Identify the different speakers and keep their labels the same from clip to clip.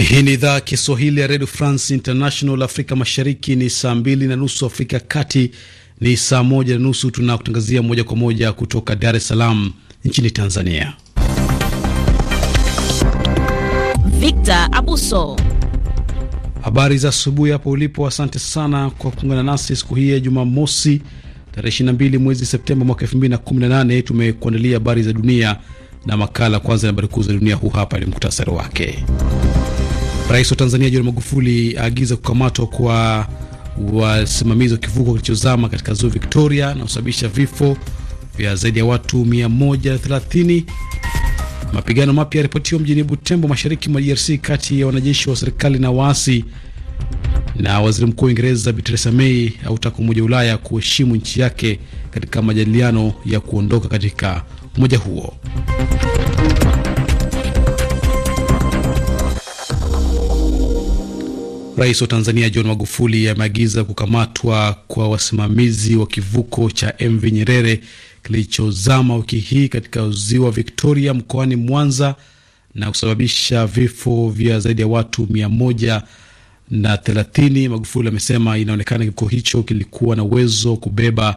Speaker 1: Hii ni idhaa Kiswahili ya redio France International. Afrika mashariki ni saa mbili na nusu, Afrika kati ni saa moja na nusu. Tunakutangazia moja kwa moja kutoka Dar es Salaam nchini Tanzania.
Speaker 2: Victor Abuso,
Speaker 1: habari za asubuhi hapo ulipo. Asante sana kwa kuungana nasi siku hii ya Jumamosi tarehe 22 mwezi Septemba mwaka 2018. Tumekuandalia habari za dunia na makala. Kwanza na habari kuu za dunia, huu hapa ni muktasari wake. Rais wa Tanzania John Magufuli aagiza kukamatwa kwa wasimamizi wa kivuko kilichozama katika ziwa Victoria na kusababisha vifo vya zaidi ya watu 130. Mapigano mapya yaripotiwa mjini Butembo, mashariki mwa DRC, kati ya wanajeshi wa serikali na waasi. Na waziri mkuu wa Uingereza Theresa May autaka Umoja wa Ulaya kuheshimu nchi yake katika majadiliano ya kuondoka katika umoja huo. Rais wa Tanzania John Magufuli ameagiza kukamatwa kwa wasimamizi wa kivuko cha MV Nyerere kilichozama wiki hii katika ziwa Victoria mkoani Mwanza na kusababisha vifo vya zaidi ya watu mia moja na thelathini. Magufuli amesema inaonekana kivuko hicho kilikuwa na uwezo wa kubeba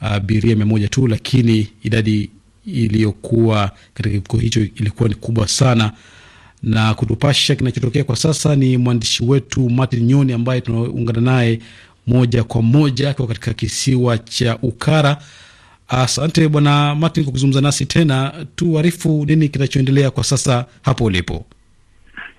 Speaker 1: abiria uh, mia moja tu, lakini idadi iliyokuwa katika kivuko hicho ilikuwa ni kubwa sana na kutupasha kinachotokea kwa sasa ni mwandishi wetu Martin Nyoni ambaye tunaungana naye moja kwa moja akiwa katika kisiwa cha Ukara. Asante bwana Martin kwa kuzungumza nasi tena. Tuarifu nini kinachoendelea kwa sasa hapo ulipo?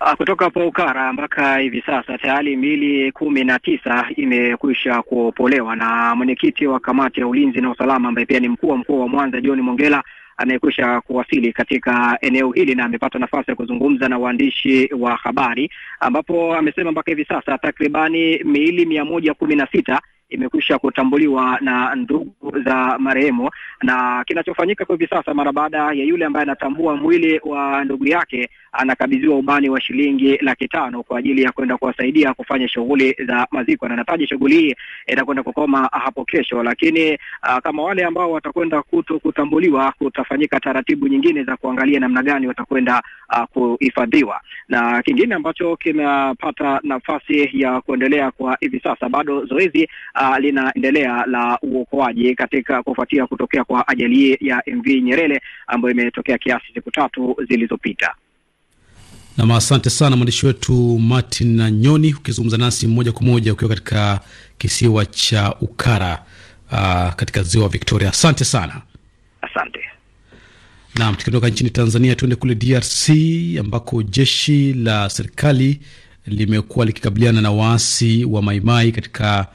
Speaker 2: Ah, kutoka hapo Ukara mpaka hivi sasa tayari miili kumi na tisa imekwisha kuopolewa na mwenyekiti wa kamati ya ulinzi na usalama ambaye pia ni mkuu wa mkoa wa Mwanza John Mongela anayekwisha kuwasili katika eneo hili na amepata nafasi ya kuzungumza na waandishi wa habari, ambapo amesema mpaka hivi sasa takribani miili mia moja kumi na sita imekwisha kutambuliwa na ndugu za marehemu, na kinachofanyika kwa hivi sasa, mara baada ya yule ambaye anatambua mwili wa ndugu yake anakabidhiwa ubani wa shilingi laki tano kwa ajili ya kwenda kuwasaidia kufanya shughuli za maziko, na nataji shughuli hii itakwenda kukoma hapo kesho, lakini uh, kama wale ambao watakwenda kuto kutambuliwa, kutafanyika taratibu nyingine za kuangalia namna gani watakwenda ah, kuhifadhiwa. Na kingine ambacho kimepata nafasi ya kuendelea kwa hivi sasa, bado zoezi uh, linaendelea la uokoaji katika kufuatia kutokea kwa ajali ya MV Nyerere ambayo imetokea kiasi siku tatu zilizopita.
Speaker 1: Nam, asante sana mwandishi wetu Martin na Nyoni ukizungumza nasi moja kwa moja ukiwa katika kisiwa cha Ukara uh, katika ziwa Victoria. Asante sana, asante. Nam, tukiondoka nchini Tanzania tuende kule DRC ambako jeshi la serikali limekuwa likikabiliana na waasi wa Maimai katika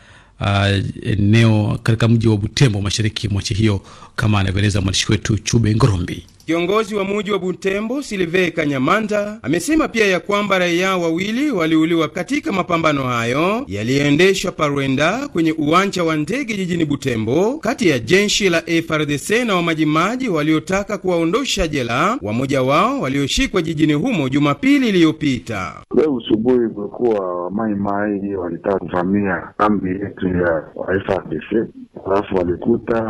Speaker 1: uh, eneo katika mji wa Butembo mashariki mwa nchi hiyo, kama anavyoeleza mwandishi wetu Chube Ngorombi.
Speaker 3: Kiongozi wa muji wa Butembo Silive Kanyamanda amesema pia ya kwamba raia wawili waliuliwa katika mapambano hayo yaliyoendeshwa parwenda kwenye uwanja wa ndege jijini Butembo, kati ya jeshi la FRDC na wamajimaji waliotaka kuwaondosha jela wamoja wao walioshikwa jijini humo Jumapili iliyopita.
Speaker 4: Leo usubuhi kulikuwa wamaimai walitaka kuvamia kambi yetu ya
Speaker 5: FRDC, alafu walikuta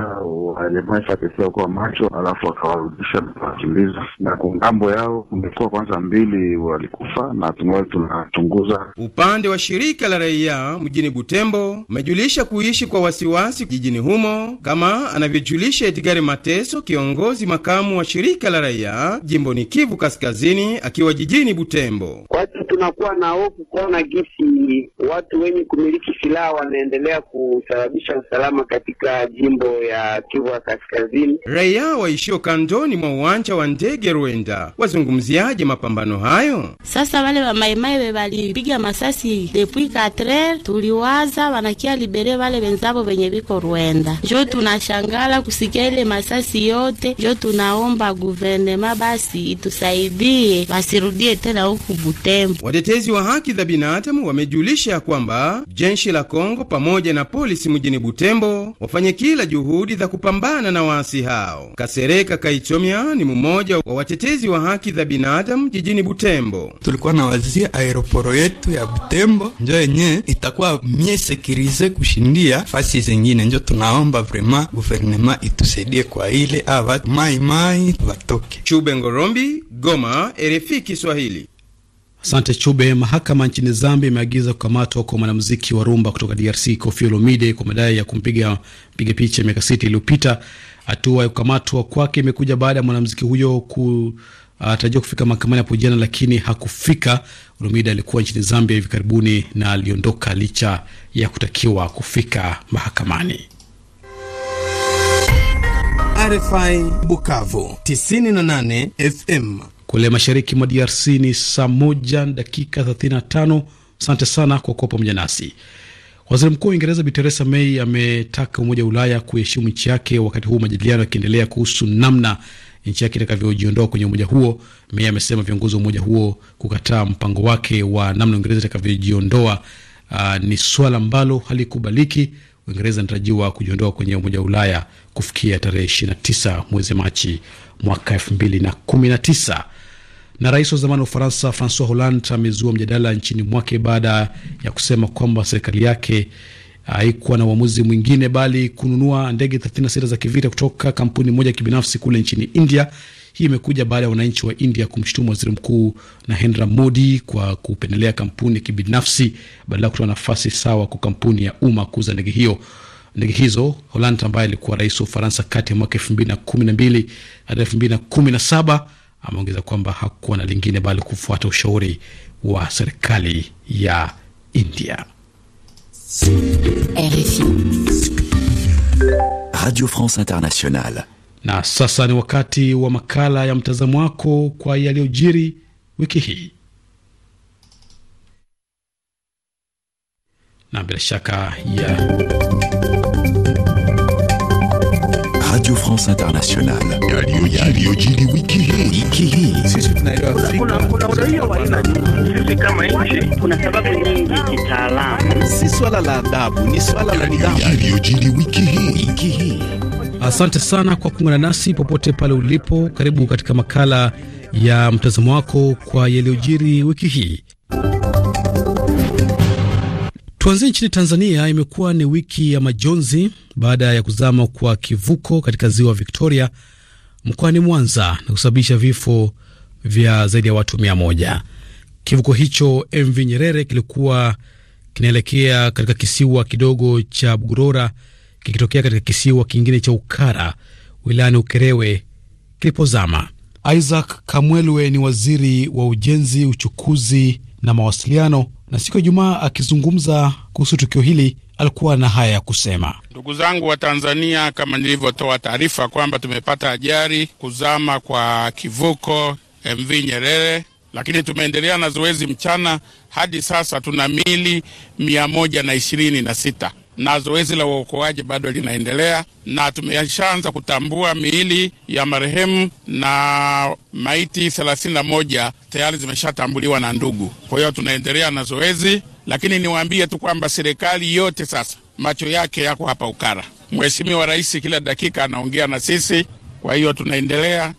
Speaker 5: walema FRDC wakuwa macho, alafu wakawarudisha
Speaker 4: wakimbiza na kungambo yao kumekuwa kwanza mbili walikufa na tungali tunachunguza.
Speaker 3: Upande wa shirika la raia mjini Butembo umejulisha kuishi kwa wasiwasi jijini humo, kama anavyojulisha etigari Mateso, kiongozi makamu wa shirika la raia jimboni Kivu Kaskazini, akiwa jijini Butembo. Watu
Speaker 5: tunakuwa na hofu kuona gisi watu wenye kumiliki silaha wanaendelea kusababisha
Speaker 3: usalama katika jimbo ya Kivu Kaskazini. Raia waishio kandoni mwa uwanja wa ndege Rwenda. Wazungumziaje mapambano hayo? Sasa wale wa we walipiga masasi depuis 4 tuliwaza wanakia libere wale wenzavo venye viko Rwenda, njo tunashangala kusikia ile masasi yote, njo tunaomba guvernema basi itusaidie wasirudie tena huku Butembo. Watetezi wa haki za binadamu wamejulisha kwamba jeshi la Kongo pamoja na polisi mjini Butembo wafanye kila juhudi za kupambana na waasi hao. Kasereka Kaichomya ni mmoja wa watetezi wa haki za binadamu jijini Butembo. Tulikuwa na wazia aeroporo yetu ya Butembo njo yenye itakuwa mie sekirize kushindia fasi zengine, njo tunaomba vrema guvernema itusaidie kwa ile ava ah, maimai vatoke. Chube Ngorombi, Goma, RFI Kiswahili.
Speaker 1: Asante Chube. Mahakama nchini Zambia imeagiza kukamatwa kwa mwanamuziki wa rumba kutoka DRC Koffi Olomide kwa madai ya kumpiga mpiga picha miaka sita iliyopita. Hatua ya kukamatwa kwake imekuja baada ya mwanamuziki huyo kutarajiwa uh, kufika mahakamani hapo jana, lakini hakufika. Olumide alikuwa nchini Zambia hivi karibuni na aliondoka licha ya kutakiwa kufika mahakamani. RFI Bukavu 98 FM kule mashariki mwa DRC ni saa moja dakika 35. Asante sana kwa kuwa pamoja nasi. Waziri Mkuu wa Uingereza Bi Theresa May ametaka Umoja wa Ulaya kuheshimu nchi yake, wakati huu majadiliano yakiendelea kuhusu namna nchi yake itakavyojiondoa kwenye umoja huo. May amesema viongozi wa umoja huo kukataa mpango wake wa namna Uingereza itakavyojiondoa uh, ni swala ambalo halikubaliki. Uingereza inatarajiwa kujiondoa kwenye umoja wa Ulaya kufikia tarehe 29 mwezi Machi mwaka 219 na rais wa zamani wa Ufaransa Francois Hollande amezua mjadala nchini mwake baada ya kusema kwamba serikali yake haikuwa na uamuzi mwingine bali kununua ndege 36 za kivita kutoka kampuni moja ya kibinafsi kule nchini India. Hii imekuja baada ya wananchi wa India kumshutumu waziri mkuu Narendra Modi kwa kupendelea kampuni ya kibinafsi badala ya kutoa nafasi sawa kwa kampuni ya umma kuuza ndege hiyo ndege hizo. Holand ambaye alikuwa rais wa Ufaransa kati ya mwaka elfu mbili na kumi na mbili hadi elfu mbili na kumi na saba ameongeza kwamba hakuwa na lingine bali kufuata ushauri wa serikali ya India.
Speaker 5: Radio France Internationale.
Speaker 1: Na sasa ni wakati wa makala ya mtazamo wako kwa yaliyojiri wiki hii. Na bila shaka ya France internationale. Asante sana kwa kuungana nasi popote pale ulipo. Karibu katika makala ya mtazamo wako kwa yaliyojiri wiki hii. Tuanzie nchini Tanzania. Imekuwa ni wiki ya majonzi baada ya kuzama kwa kivuko katika ziwa Victoria mkoani Mwanza na kusababisha vifo vya zaidi ya watu mia moja. Kivuko hicho MV Nyerere kilikuwa kinaelekea katika kisiwa kidogo cha gurora kikitokea katika kisiwa kingine cha Ukara wilayani Ukerewe kilipozama. Isaac Kamwelwe ni waziri wa ujenzi, uchukuzi na mawasiliano na siku ya Ijumaa akizungumza kuhusu tukio hili alikuwa na haya ya kusema:
Speaker 4: ndugu zangu wa Tanzania, kama nilivyotoa taarifa kwamba tumepata ajali kuzama kwa kivuko MV Nyerere, lakini tumeendelea na zoezi mchana hadi sasa tuna mili mia moja na ishirini na sita na zoezi la uokoaji bado linaendelea, na tumeshaanza kutambua miili ya marehemu na maiti thelathini na moja tayari zimeshatambuliwa na ndugu. Kwa hiyo tunaendelea na zoezi, lakini niwaambie tu kwamba serikali yote sasa macho yake yako hapa Ukara. Mheshimiwa Rais kila dakika anaongea na sisi, kwa hiyo tunaendelea,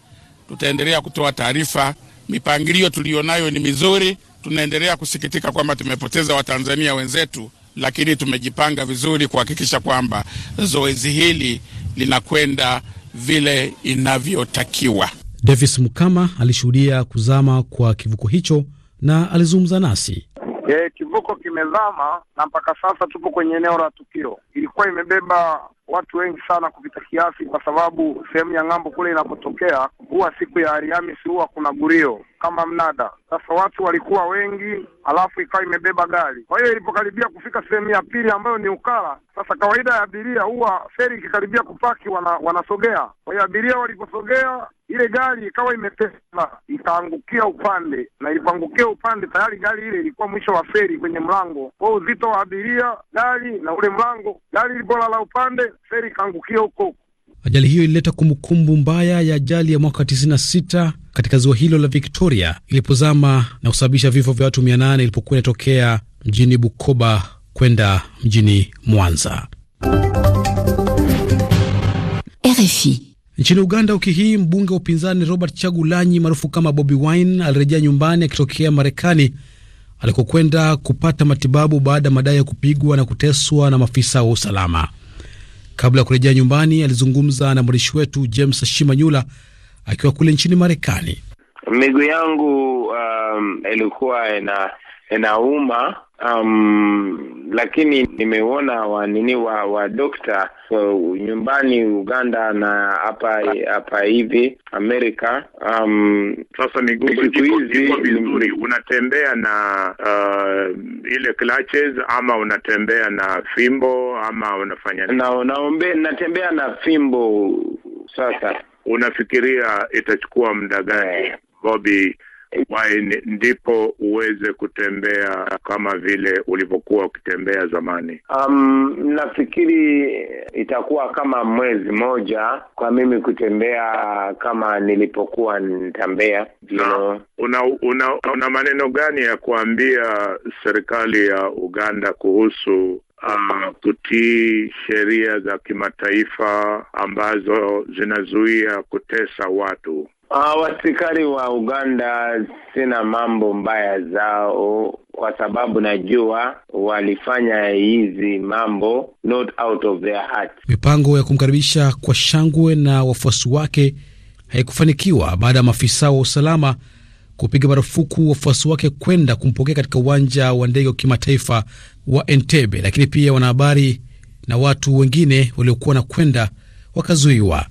Speaker 4: tutaendelea kutoa taarifa. Mipangilio tuliyonayo ni mizuri. Tunaendelea kusikitika kwamba tumepoteza Watanzania wenzetu lakini tumejipanga vizuri kuhakikisha kwamba zoezi hili linakwenda vile inavyotakiwa.
Speaker 1: Davis Mkama alishuhudia kuzama kwa kivuko hicho na alizungumza nasi.
Speaker 5: E, kivuko kimezama na mpaka sasa tupo kwenye eneo la tukio. Ilikuwa imebeba watu wengi sana kupita kiasi, kwa sababu sehemu ya ng'ambo kule inapotokea huwa siku ya Alhamisi huwa kuna gurio kama mnada. Sasa watu walikuwa wengi, alafu ikawa imebeba gari. Kwa hiyo ilipokaribia kufika sehemu ya pili ambayo ni Ukala, sasa kawaida ya abiria huwa feri ikikaribia kupaki wana, wanasogea. Kwa hiyo abiria waliposogea ile gari ikawa imepesa ikaangukia upande, na ilipoangukia upande tayari gari ile ilikuwa mwisho wa feri kwenye mlango. Kwa uzito wa abiria, gari na ule mlango, gari ilipolala upande, feri ikaangukia huko
Speaker 1: Ajali hiyo ilileta kumbukumbu mbaya ya ajali ya mwaka 96 katika ziwa hilo la Victoria ilipozama na kusababisha vifo vya watu 800 ilipokuwa inatokea mjini Bukoba kwenda mjini Mwanza. RFI. Nchini Uganda wiki hii mbunge wa upinzani Robert Chagulanyi maarufu kama Bobi Wine alirejea nyumbani akitokea Marekani alikokwenda kupata matibabu baada ya madai ya kupigwa na kuteswa na maafisa wa usalama. Kabla ya kurejea nyumbani, alizungumza na mwandishi wetu James Shimanyula akiwa kule nchini Marekani.
Speaker 4: Miguu yangu um, ilikuwa ina inauma um, lakini nimeona wanini wa wa dokta uh, nyumbani Uganda na hapa hapa hivi Amerika. Um, sasa miguu vizuri, unatembea na uh, ile clutches ama unatembea na fimbo ama unafanya na, naombe natembea na fimbo sasa. Unafikiria itachukua muda gani eh. Bobby? waini ndipo uweze kutembea kama vile ulivyokuwa ukitembea zamani? Um, nafikiri itakuwa kama mwezi moja kwa mimi kutembea kama nilipokuwa nitambea. Una, una, una maneno gani ya kuambia serikali ya Uganda kuhusu uh, kutii sheria za kimataifa ambazo zinazuia kutesa watu. Uh, wasikari wa Uganda sina mambo mbaya zao
Speaker 3: kwa sababu najua walifanya hizi mambo not out of their
Speaker 1: heart. Mipango ya kumkaribisha kwa shangwe na wafuasi wake haikufanikiwa baada ya maafisa wa usalama kupiga marufuku wafuasi wake kwenda kumpokea katika uwanja wa ndege wa kimataifa wa Entebbe, lakini pia wanahabari na watu wengine waliokuwa na kwenda wakazuiwa.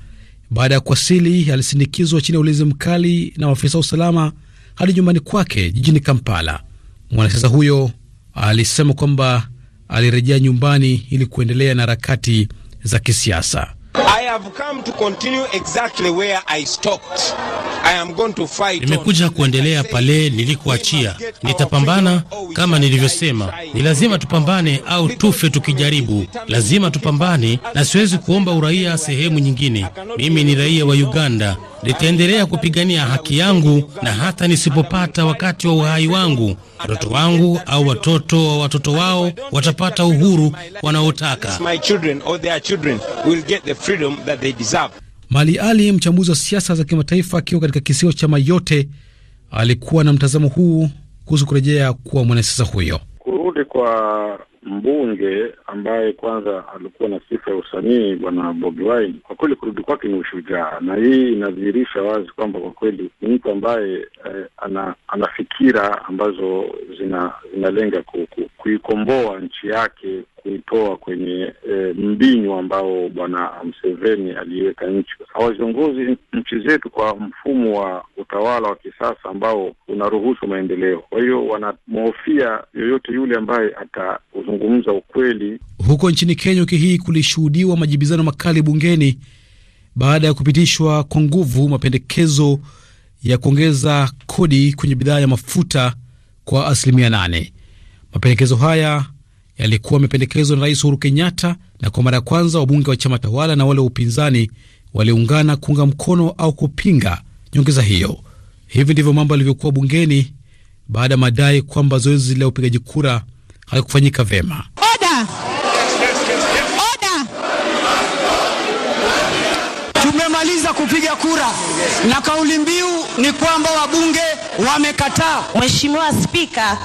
Speaker 1: Baada ya kuwasili, alisindikizwa chini ya ulinzi mkali na maafisa wa usalama hadi nyumbani kwake jijini Kampala. Mwanasiasa huyo alisema kwamba alirejea nyumbani ili kuendelea na harakati za kisiasa.
Speaker 3: Nimekuja
Speaker 6: kuendelea pale nilikoachia. Nitapambana kama nilivyosema, ni lazima tupambane au tufe tukijaribu. Lazima tupambane, na siwezi kuomba uraia sehemu nyingine. Mimi ni raia wa Uganda nitaendelea kupigania haki yangu, na hata nisipopata wakati wa uhai wangu, watoto wangu au watoto wa watoto wao watapata uhuru wanaotaka.
Speaker 1: Mali Ali, mchambuzi wa siasa za kimataifa, akiwa katika kisiwa cha Mayote, alikuwa na mtazamo huu kuhusu kurejea kuwa
Speaker 7: mwanasiasa huyo.
Speaker 5: Kurudi kwa mbunge ambaye kwanza alikuwa na sifa ya usanii, bwana Bobi Wine, kwa kweli kurudi kwake ni ushujaa, na hii inadhihirisha wazi kwamba kwa kweli ni mtu ambaye eh, ana, ana fikira ambazo zina zinalenga kuikomboa nchi yake kuitoa kwenye eh, mbinyo ambao bwana Mseveni aliiweka nchi. Hawaziongozi nchi zetu kwa mfumo wa utawala wa kisasa ambao unaruhusu maendeleo. Kwa hiyo wanamhofia
Speaker 4: yoyote yule ambaye ata kuzungumza ukweli.
Speaker 1: Huko nchini Kenya wiki hii kulishuhudiwa majibizano makali bungeni baada ya kupitishwa kwa nguvu mapendekezo ya kuongeza kodi kwenye bidhaa ya mafuta kwa asilimia nane. Mapendekezo haya yalikuwa mapendekezo na Rais Uhuru Kenyatta, na kwa mara ya kwanza wabunge wa chama tawala na wale wa upinzani waliungana kuunga mkono au kupinga nyongeza hiyo. Hivi ndivyo mambo yalivyokuwa bungeni baada ya madai kwamba zoezi la upigaji kura haikufanyika vema.
Speaker 7: Oda. Oda.
Speaker 3: Tumemaliza kupiga kura na kauli mbiu ni kwamba wabunge wamekataa. Mheshimiwa Spika,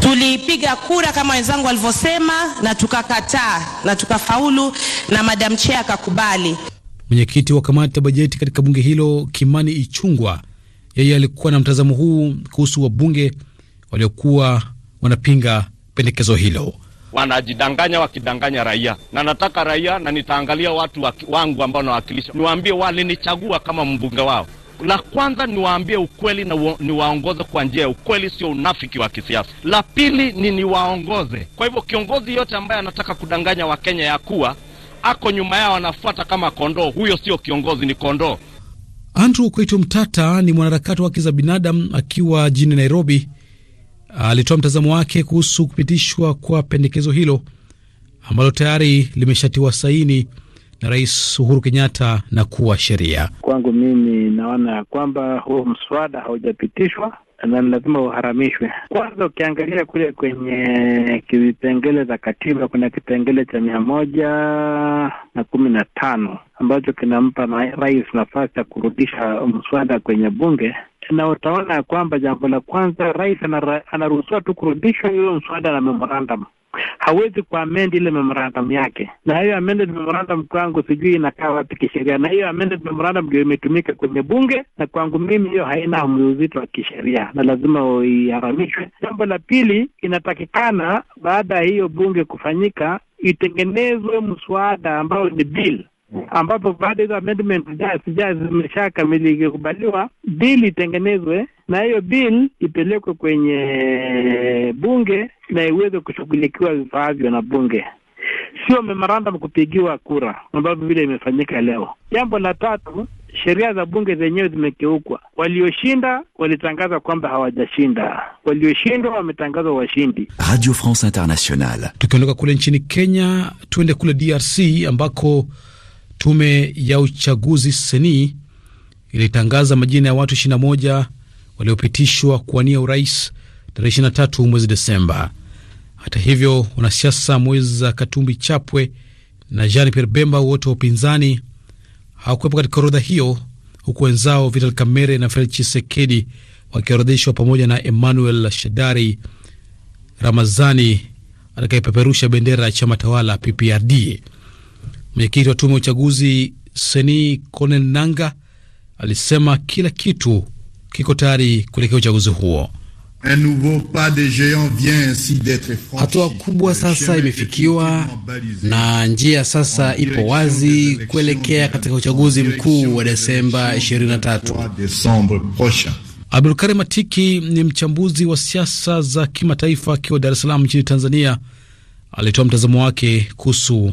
Speaker 3: tulipiga kura kama wenzangu walivyosema, na tukakataa na tukafaulu, na madam chair akakubali.
Speaker 1: Mwenyekiti wa kamati ya bajeti katika bunge hilo Kimani Ichungwa, yeye alikuwa na mtazamo huu kuhusu wabunge waliokuwa wanapinga pendekezo hilo.
Speaker 3: Wanajidanganya wakidanganya raia, na nataka raia, na nitaangalia watu waki, wangu ambao nawakilisha, niwaambie walinichagua kama mbunge wao. La kwanza niwaambie ukweli na niwaongoze kwa njia ya ukweli, sio unafiki wa kisiasa. La pili ni niwaongoze. Kwa hivyo kiongozi yote ambaye anataka kudanganya Wakenya ya kuwa ako nyuma yao anafuata kama kondoo, huyo sio kiongozi, ni kondoo.
Speaker 1: Andrew Koito Mtata ni mwanaharakati wa haki za binadamu akiwa jijini Nairobi alitoa mtazamo wake kuhusu kupitishwa kwa pendekezo hilo ambalo tayari limeshatiwa saini na Rais Uhuru Kenyatta na kuwa sheria.
Speaker 5: Kwangu mimi, naona ya kwamba huu mswada haujapitishwa na lazima uharamishwe kwanza. Ukiangalia kule kwenye kipengele za katiba, kuna kipengele cha mia moja na kumi na tano ambacho kinampa na rais nafasi ya kurudisha mswada kwenye bunge na utaona ya kwamba jambo la kwanza, rais anaruhusiwa tu kurudishwa hiyo mswada na memorandum hawezi kuamend ile memorandum yake, na hiyo amended memorandum kwangu sijui inakaa wapi kisheria, na hiyo amended memorandum ndio imetumika kwenye bunge, na kwangu mimi hiyo haina mzito wa kisheria na lazima iharamishwe. Jambo la pili, inatakikana baada ya hiyo bunge kufanyika itengenezwe mswada ambao ni bill ambapo baada hizo amendment sijaa zimeshakamilika, kubaliwa, bill itengenezwe na hiyo bill ipelekwe kwenye bunge na iweze kushughulikiwa vifaavyo na bunge, sio memorandum kupigiwa kura ambavyo vile imefanyika leo. Jambo la tatu, sheria za bunge zenyewe zimekeukwa. Walioshinda walitangaza kwamba hawajashinda, walioshindwa wametangazwa washindi. Radio France international
Speaker 1: Tukiondoka kule nchini Kenya, tuende kule DRC ambako Tume ya uchaguzi seni ilitangaza majina ya watu 21 waliopitishwa kuwania urais tarehe 23 mwezi Desemba. Hata hivyo, wanasiasa Moiza Katumbi Chapwe na Jean Pierre Bemba, wote wa upinzani, hawakuwepo katika orodha hiyo, huku wenzao Vital Kamerhe na Felix Tshisekedi wakiorodheshwa pamoja na Emmanuel Shadari Ramazani atakayepeperusha bendera ya chama tawala PPRD. Mwenyekiti wa tume ya uchaguzi Seni Konen Nanga alisema kila kitu kiko tayari kuelekea uchaguzi huo. Hatua kubwa sasa imefikiwa na njia sasa ipo wazi kuelekea katika uchaguzi mkuu wa Desemba
Speaker 7: 23.
Speaker 1: Karim Atiki ni mchambuzi wa siasa za kimataifa akiwa Dar es Salaam nchini Tanzania. Alitoa mtazamo wake kuhusu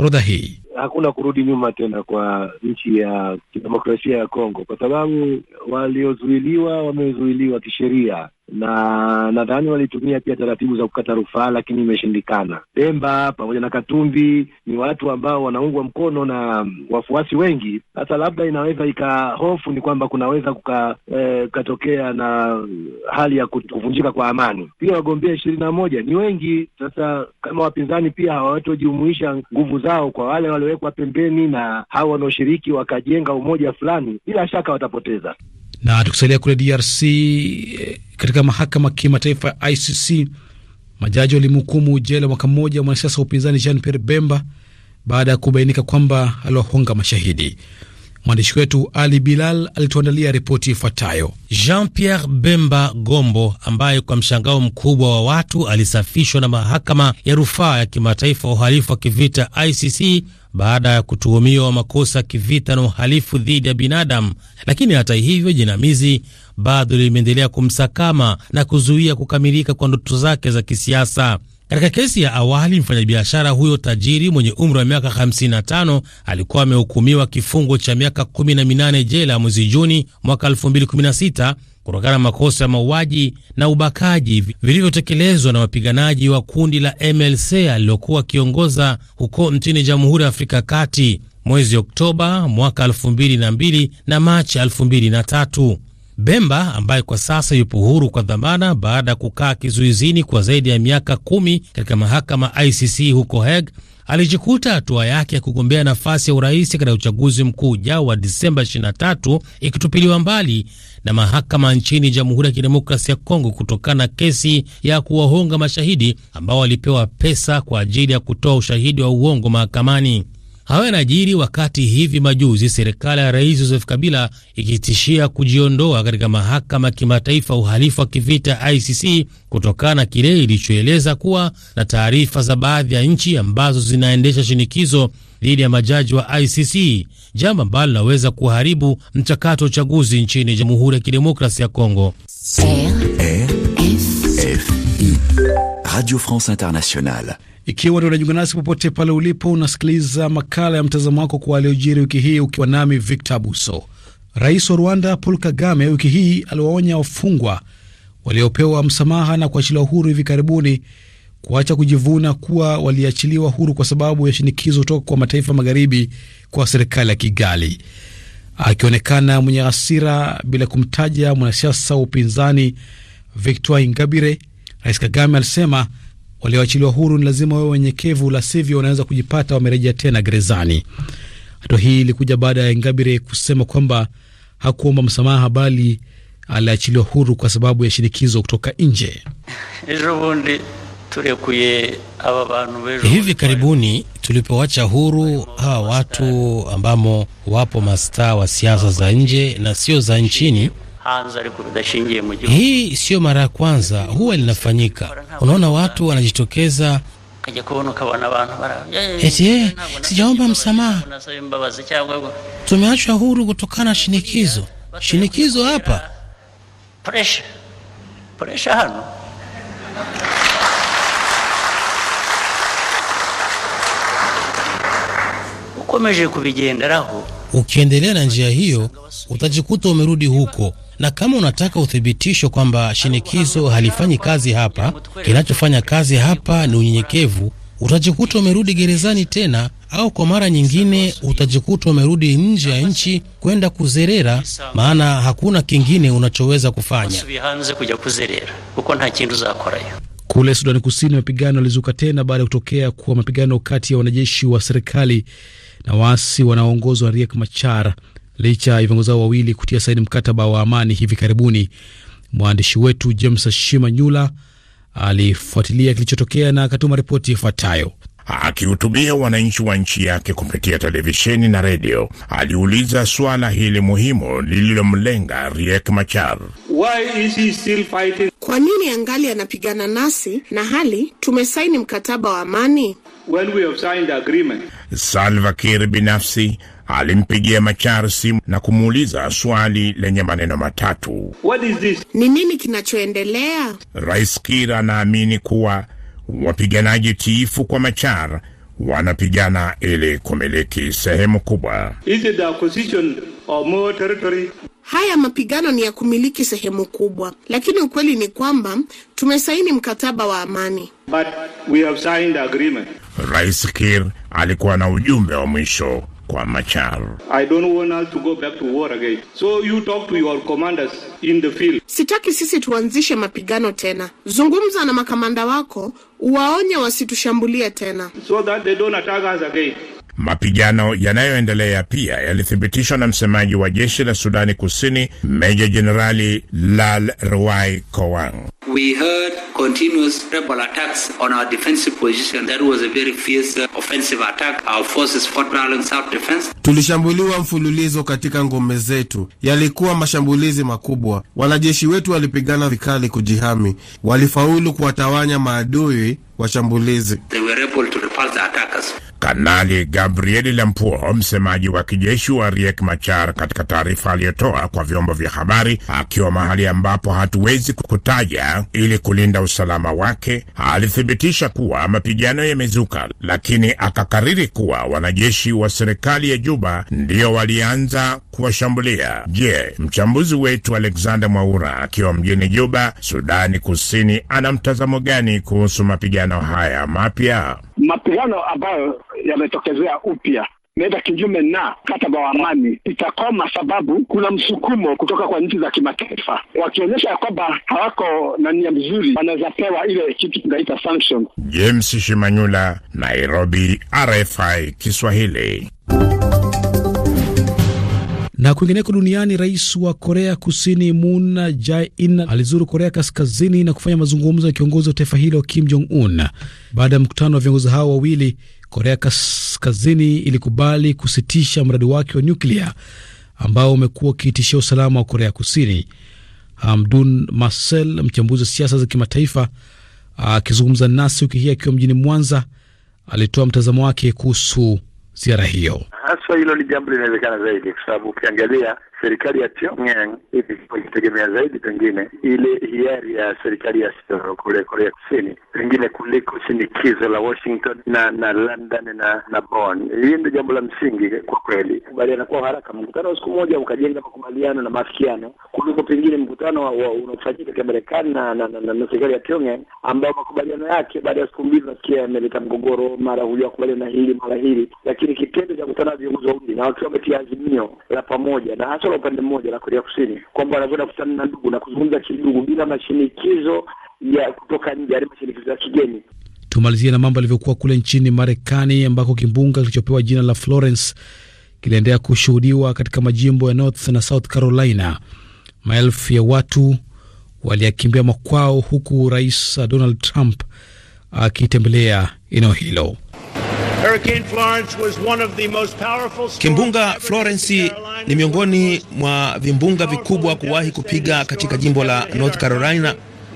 Speaker 1: orodha hii.
Speaker 5: Hakuna kurudi nyuma tena kwa nchi ya kidemokrasia ya Kongo, kwa sababu waliozuiliwa wamezuiliwa kisheria
Speaker 2: na
Speaker 5: nadhani walitumia pia taratibu za kukata rufaa, lakini imeshindikana. Pemba pamoja na Katumbi ni watu ambao wanaungwa mkono na wafuasi wengi. Sasa labda inaweza ikahofu ni kwamba kunaweza kukatokea eh, e, na hali ya kuvunjika kwa amani. Pia wagombea ishirini na moja ni wengi. Sasa kama wapinzani pia hawatojumuisha nguvu zao kwa wale waliowekwa pembeni na hawa wanaoshiriki wakajenga umoja fulani, bila shaka watapoteza.
Speaker 1: Na tukisalia kule DRC, eh, katika mahakama ya kimataifa ya ICC majaji walimhukumu jela mwaka mmoja mwanasiasa wa upinzani Jean Pierre Bemba baada ya kubainika kwamba aliwahonga mashahidi. Mwandishi wetu Ali Bilal alituandalia ripoti ifuatayo. Jean Pierre Bemba Gombo,
Speaker 6: ambaye kwa mshangao mkubwa wa watu alisafishwa na mahakama ya rufaa ya kimataifa uhalifu wa kivita ICC baada ya kutuhumiwa makosa kivita na uhalifu dhidi ya binadamu. Lakini hata hivyo, jinamizi bado limeendelea kumsakama na kuzuia kukamilika kwa ndoto zake za kisiasa. Katika kesi ya awali, mfanyabiashara huyo tajiri mwenye umri wa miaka 55 alikuwa amehukumiwa kifungo cha miaka 18 jela mwezi Juni mwaka kutokana na makosa ya mauaji na ubakaji vilivyotekelezwa na wapiganaji wa kundi la MLC alilokuwa akiongoza huko nchini Jamhuri ya Afrika ya Kati mwezi Oktoba mwaka 2002 na Machi 2003. Bemba ambaye kwa sasa yupo huru kwa dhamana baada ya kukaa kizuizini kwa zaidi ya miaka kumi katika mahakama ICC huko Hague alijikuta hatua yake ya kugombea nafasi ya urais katika uchaguzi mkuu ujao wa Disemba 23 ikitupiliwa mbali na mahakama nchini Jamhuri ya kidemokrasi ya Kongo kutokana na kesi ya kuwahonga mashahidi ambao walipewa pesa kwa ajili ya kutoa ushahidi wa uongo mahakamani. Hayo yanajiri wakati hivi majuzi serikali ya Rais Joseph Kabila ikitishia kujiondoa katika mahakama ya kimataifa uhalifu wa kivita ICC kutokana na kile ilichoeleza kuwa na taarifa za baadhi ya nchi ambazo zinaendesha shinikizo dhidi ya majaji wa ICC, jambo ambalo linaweza kuharibu mchakato wa uchaguzi nchini Jamhuri ya Kidemokrasia ya Kongo.
Speaker 5: Radio France Internationale.
Speaker 1: Ikiwa ndio unajiunga nasi popote pale ulipo, unasikiliza makala ya mtazamo wako kwa aliyojiri wiki hii, ukiwa nami Victor Buso. Rais wa Rwanda Paul Kagame wiki hii aliwaonya wafungwa waliopewa msamaha na kuachiliwa huru hivi karibuni kuacha kujivuna kuwa waliachiliwa huru kwa sababu ya shinikizo kutoka kwa mataifa magharibi kwa serikali ya Kigali. Akionekana mwenye hasira bila kumtaja mwanasiasa wa upinzani Victoire Ingabire Rais Kagame alisema walioachiliwa huru ni lazima wawe wenyekevu, la sivyo wanaweza kujipata wamerejea tena gerezani. Hatua hii ilikuja baada ya ngabire kusema kwamba hakuomba msamaha bali aliachiliwa huru kwa sababu ya shinikizo kutoka nje. Hivi karibuni tulipowacha huru
Speaker 6: hawa watu ambamo wapo mastaa wa siasa za nje na sio za nchini hii siyo mara ya kwanza, huwa linafanyika. Unaona, watu wanajitokeza eti eh, sijaomba msamaha, tumeachwa huru kutokana na shinikizo. Shinikizo hapa hano. ukomeje kubigenderaho Ukiendelea na njia hiyo utajikuta umerudi huko, na kama unataka uthibitisho kwamba shinikizo halifanyi kazi hapa, kinachofanya kazi hapa ni unyenyekevu, utajikuta umerudi gerezani tena, au kwa mara nyingine utajikuta umerudi nje ya nchi kwenda kuzerera, maana hakuna
Speaker 1: kingine unachoweza kufanya. Kule Sudani Kusini, mapigano yalizuka tena baada ya kutokea kwa mapigano kati ya wanajeshi wa serikali na waasi wanaoongozwa Riek Machar, licha ya viongozi hao wawili kutia saini mkataba wa amani hivi karibuni. Mwandishi wetu James shima nyula alifuatilia kilichotokea na akatuma ripoti ifuatayo.
Speaker 4: Akihutubia wananchi wa nchi yake kupitia televisheni na redio, aliuliza suala hili muhimu lililomlenga Riek Machar.
Speaker 3: Why is he still fighting? Kwa nini angali anapigana nasi na hali tumesaini mkataba wa amani?
Speaker 5: when we have signed agreement.
Speaker 4: Salva Kiir binafsi alimpigia Machar simu na kumuuliza swali lenye maneno matatu.
Speaker 3: What is this? Ni nini kinachoendelea?
Speaker 4: Rais Kiir anaamini kuwa wapiganaji tiifu kwa Machar wanapigana ili kumiliki sehemu kubwa. Is it the acquisition of more territory?
Speaker 3: Haya mapigano ni ya kumiliki sehemu kubwa, lakini ukweli ni kwamba tumesaini mkataba wa amani.
Speaker 5: But we have signed agreement.
Speaker 4: Rais Kir alikuwa na ujumbe wa mwisho kwa Machar.
Speaker 5: I don't want to go back to war again. So you talk to your commanders in the field.
Speaker 3: Sitaki sisi tuanzishe mapigano tena. Zungumza na makamanda wako, uwaonye wasitushambulie tena. So that
Speaker 5: they don't attack us again.
Speaker 4: Mapigano yanayoendelea pia yalithibitishwa na msemaji wa jeshi la Sudani Kusini, Meja Jenerali Lal Ruwai Kowang.
Speaker 5: We heard continuous rebel
Speaker 6: attacks on our defensive position. That was a very fierce uh, offensive attack. Our forces fought
Speaker 5: well self defense.
Speaker 3: Tulishambuliwa mfululizo katika ngome zetu, yalikuwa mashambulizi makubwa. Wanajeshi wetu walipigana vikali kujihami, walifaulu kuwatawanya maadui washambulizi.
Speaker 4: They were able to repulse the attackers. Kanali Gabriel Lampuo, msemaji wa kijeshi wa Riek Machar, katika taarifa aliyotoa kwa vyombo vya habari akiwa mahali ambapo hatuwezi kukutaja ili kulinda usalama wake, alithibitisha kuwa mapigano yamezuka, lakini akakariri kuwa wanajeshi wa serikali ya Juba ndio walianza kuwashambulia. Je, mchambuzi wetu Alexander Mwaura akiwa mjini Juba, Sudani Kusini, ana mtazamo gani kuhusu mapigano haya mapya?
Speaker 3: Mapigano ambayo yametokezea upya meenda kinyume na mkataba wa amani itakoma, sababu kuna msukumo kutoka kwa nchi za kimataifa wakionyesha ya kwamba hawako na nia mzuri, wanaweza pewa ile kitu
Speaker 4: tunaita sanction. James Shimanyula, Nairobi, RFI Kiswahili.
Speaker 1: Na kwingineko duniani, rais wa Korea Kusini Moon Jae-in alizuru Korea Kaskazini na kufanya mazungumzo na kiongozi wa taifa hilo Kim Jong Un. Baada ya mkutano wa viongozi hao wawili, Korea Kaskazini ilikubali kusitisha mradi wake wa nyuklia ambao umekuwa ukiitishia usalama wa Korea Kusini. Hamdun Marcel, mchambuzi wa siasa za kimataifa, akizungumza nasi wiki hii akiwa mjini Mwanza, alitoa mtazamo wake kuhusu ziara hiyo
Speaker 5: haswa hilo ni jambo linawezekana zaidi, kwa sababu ukiangalia serikali ya Pyongyang ilitegemea zaidi pengine ile hiari ya serikali ya Seoul kule Korea Kusini, pengine kuliko shinikizo la Washington na na London na na Bonn. Hili ndio jambo la msingi kwa kweli, kubaliana kwa haraka, mkutano wa siku moja ukajenga makubaliano na maafikiano kuliko pengine mkutano unaofanyika kati Marekani na na, na, na serikali ya Pyongyang ambao makubaliano yake baada ya siku mbili nasikia yameleta mgogoro, mara huja kubaliana hili mara hili, lakini kitendo cha sana viongozi wa na wakiwa wametia azimio la pamoja na hasa la upande mmoja la Korea Kusini kwamba wanakwenda kukutana na ndugu na kuzungumza kidugu bila mashinikizo ya kutoka nje, yaani mashinikizo
Speaker 1: ya kigeni. Tumalizie na mambo yalivyokuwa kule nchini Marekani ambako kimbunga kilichopewa jina la Florence kiliendelea kushuhudiwa katika majimbo ya North na South Carolina. Maelfu ya watu waliyakimbia makwao, huku Rais Donald Trump akitembelea eneo hilo. Kimbunga Florence ni miongoni mwa vimbunga vikubwa
Speaker 6: kuwahi kupiga katika jimbo la North Carolina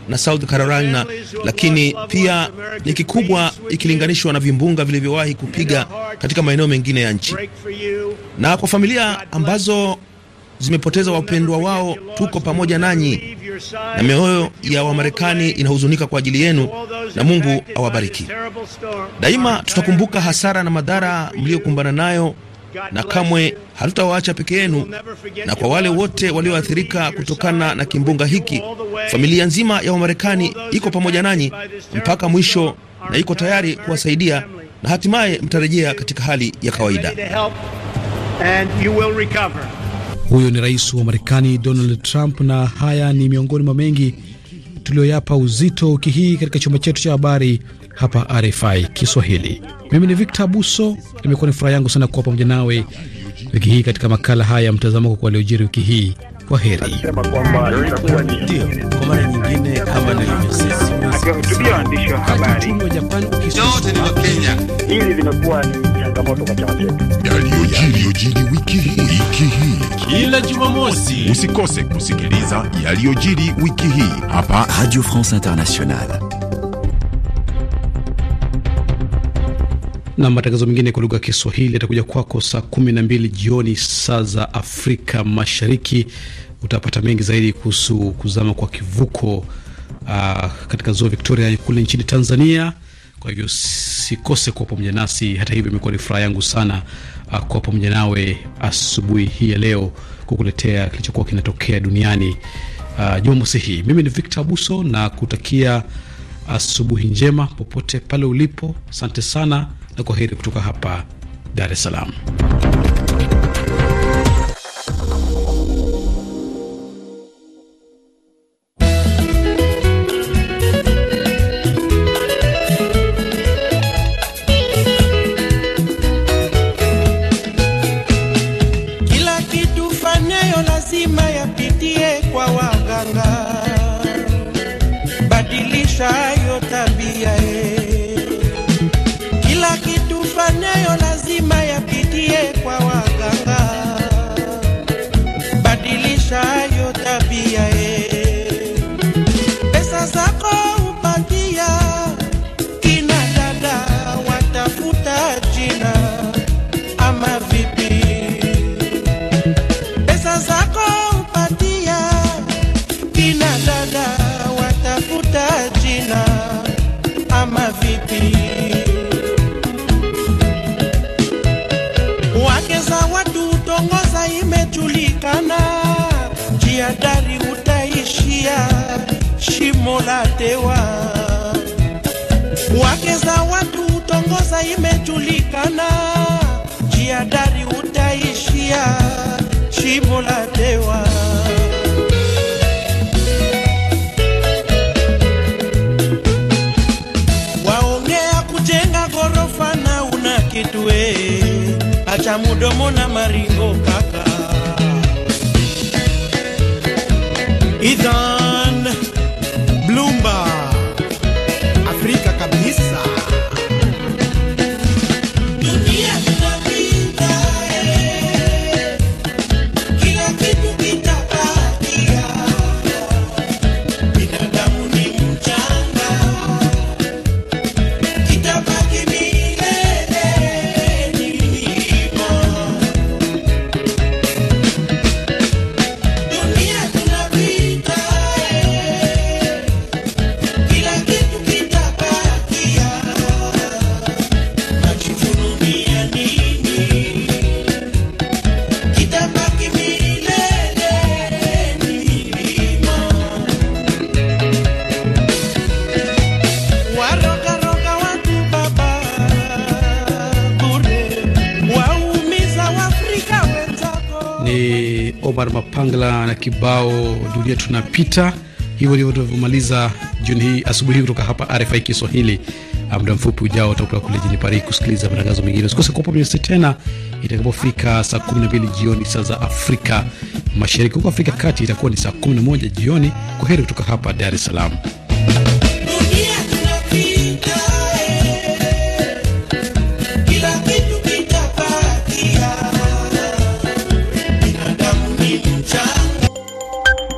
Speaker 6: na South Carolina, lakini pia ni kikubwa ikilinganishwa na vimbunga vilivyowahi kupiga katika maeneo mengine ya nchi. Na kwa familia ambazo zimepoteza wapendwa wao, tuko pamoja nanyi, na mioyo ya Wamarekani inahuzunika kwa ajili yenu, na Mungu awabariki daima. Tutakumbuka hasara na madhara mliyokumbana nayo na kamwe hatutawaacha peke yenu. Na kwa wale wote walioathirika kutokana na kimbunga hiki, familia nzima ya Wamarekani iko pamoja nanyi mpaka mwisho na iko tayari kuwasaidia, na hatimaye mtarejea katika hali ya kawaida.
Speaker 1: Huyo ni rais wa Marekani Donald Trump, na haya ni miongoni mwa mengi tuliyoyapa uzito wiki hii katika chumba chetu cha habari hapa RFI Kiswahili. Mimi ni Victor Buso, imekuwa ni furaha yangu sana kuwa pamoja nawe wiki hii katika makala haya mtazamo kwa yaliyojiri wiki hii. Kwa heri.
Speaker 5: kwa mara nyingine, kama nilivyosema,
Speaker 1: wa Kenya, hili ni changamoto kwa chama chetu. Yaliyojiri wiki hii wiki hii kila Jumamosi, usikose kusikiliza yaliyojiri wiki hii hapa Radio France Internationale. na matangazo mengine kwa lugha ya Kiswahili yatakuja kwako saa 12 jioni saa za Afrika Mashariki. Utapata mengi zaidi kuhusu kuzama kwa kivuko uh, katika ziwa Victoria kule nchini Tanzania kwa hivyo sikose kuwa pamoja nasi. Hata hivyo, imekuwa ni furaha yangu sana uh, kuwa pamoja nawe asubuhi hii ya leo kukuletea kilichokuwa kinatokea duniani uh, Jumamosi hii. Mimi ni Victor Abuso na kutakia asubuhi njema popote pale ulipo. Asante sana na kwa heri kutoka hapa Dar es Salaam.
Speaker 7: hiyo lazima yapitie kwa waganga, badilisha yo tabia ye mstari utaishia shimo la tewa. Wake za watu utongoza imejulikana. Njia dari utaishia shimo la tewa. Waongea kujenga ghorofa na una kitwe, acha mudomo na maringo kaka gone.
Speaker 1: Angla na kibao dunia tunapita. Hivyo ndivyo tunavyomaliza jioni hii, asubuhi hii kutoka hapa RFI Kiswahili. Ah, muda mfupi ujao utakuwa kule jijini Paris kusikiliza matangazo mengine. Usikose kuwa pamoja nasi tena itakapofika saa 12 jioni saa za Afrika Mashariki. Huko Afrika Kati itakuwa ni saa 11 jioni. Kwa heri kutoka hapa Dar es Salaam.